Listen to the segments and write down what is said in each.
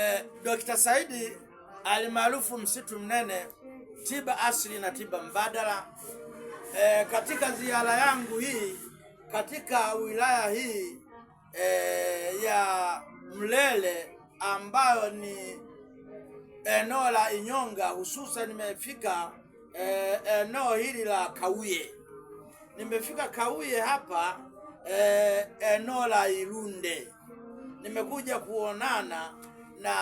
eh, Dr. Saidi alimaarufu msitu mnene, tiba asili na tiba mbadala. Eh, katika ziara yangu hii katika wilaya hii eh, ya Mlele ambayo ni eneo la Inyonga, hususan nimefika eh, eneo hili la Kauye, nimefika Kauye hapa eh, eneo la Irunde nimekuja kuonana na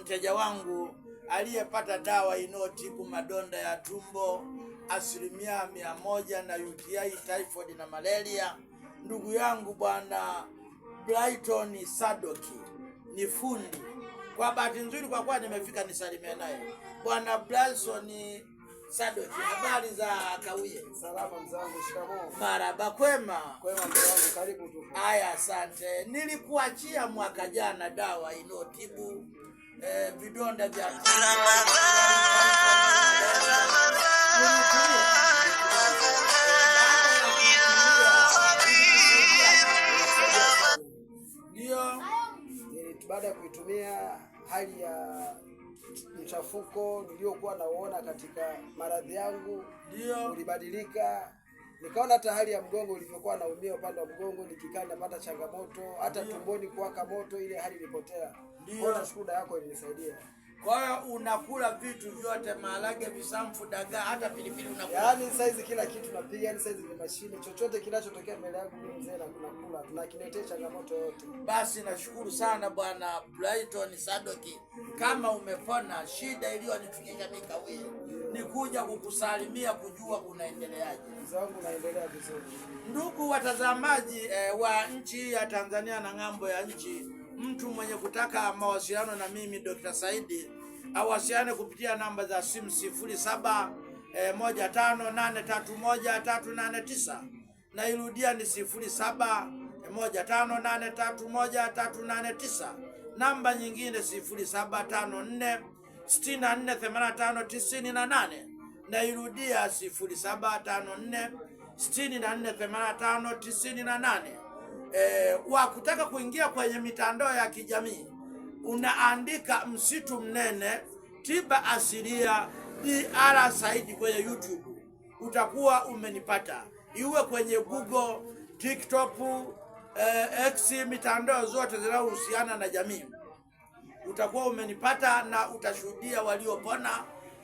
mteja wangu aliyepata dawa inayotibu madonda ya tumbo asilimia mia moja na UTI, typhoid na malaria, ndugu yangu bwana Brighton Sadoki ni fundi. Kwa bahati nzuri, kwa kuwa nimefika nisalimie naye bwana Brighton Sadoki, habari za Kawiye? Salama mzangu, shikamoo. Maraba, kwema. Kwema mzangu, karibu tu. Aya, asante. Nilikuachia mwaka jana dawa inotibu eh, vidonda vya baada ya kuitumia hali ya mchafuko niliyokuwa nauona katika maradhi yangu ulibadilika nikaona hata hali ya mgongo ulivyokuwa naumia upande wa mgongo, nikikaa napata changamoto, hata tumboni kuwaka moto, ile hali ilipotea. Kwa nashukuru dawa yako ilinisaidia. Kwa hiyo unakula vitu vyote, maharage, visamfu, dagaa, hata pilipili unakula. Yaani size kila kitu napiga, yani size ni mashine, chochote kinachotokea mbele yangu mzee na kunakula, na tunakiletea changamoto yote. Basi nashukuru sana bwana Brighton Sadoki, kama umepona shida iliyonifikisha mimi kawili ni kuja kukusalimia kujua unaendeleaje. Zangu naendelea vizuri. Ndugu watazamaji eh, wa nchi ya Tanzania na ng'ambo ya nchi mtu mwenye kutaka mawasiliano na mimi Dr. Saidi awasiliane kupitia namba za simu sifuri saba e, moja tano nane tatu moja tatu nane tisa. Nairudia ni sifuri saba eh, moja tano nane tatu moja tatu nane tisa. Namba nyingine sifuri saba tano nne sitini na nne themanini na tano tisini na nane. Nairudia sifuri saba tano nne sitini na nne themanini na tano tisini na nane e, wa kutaka kuingia kwenye mitandao ya kijamii unaandika msitu mnene tiba asilia Dr. Said kwenye YouTube utakuwa umenipata, iwe kwenye Google, TikTok, e, X, mitandao zote zinazohusiana na jamii utakuwa umenipata na utashuhudia waliopona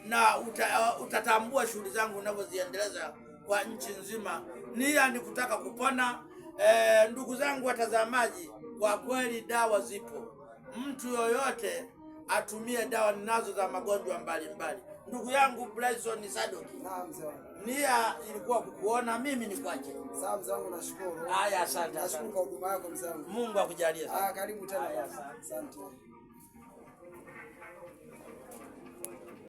na uta, uh, utatambua shughuli zangu unavyoziendeleza kwa nchi nzima. Nia ni kutaka kupona. E, ndugu zangu watazamaji, kwa kweli dawa zipo. Mtu yoyote atumie dawa ninazo za magonjwa mbalimbali. Ndugu yangu Bryson Sadoki, nia ilikuwa kukuona mimi ni kwaje. Haya, asante, asante. Mungu akujalie sana. Ah, karibu tena. Asante.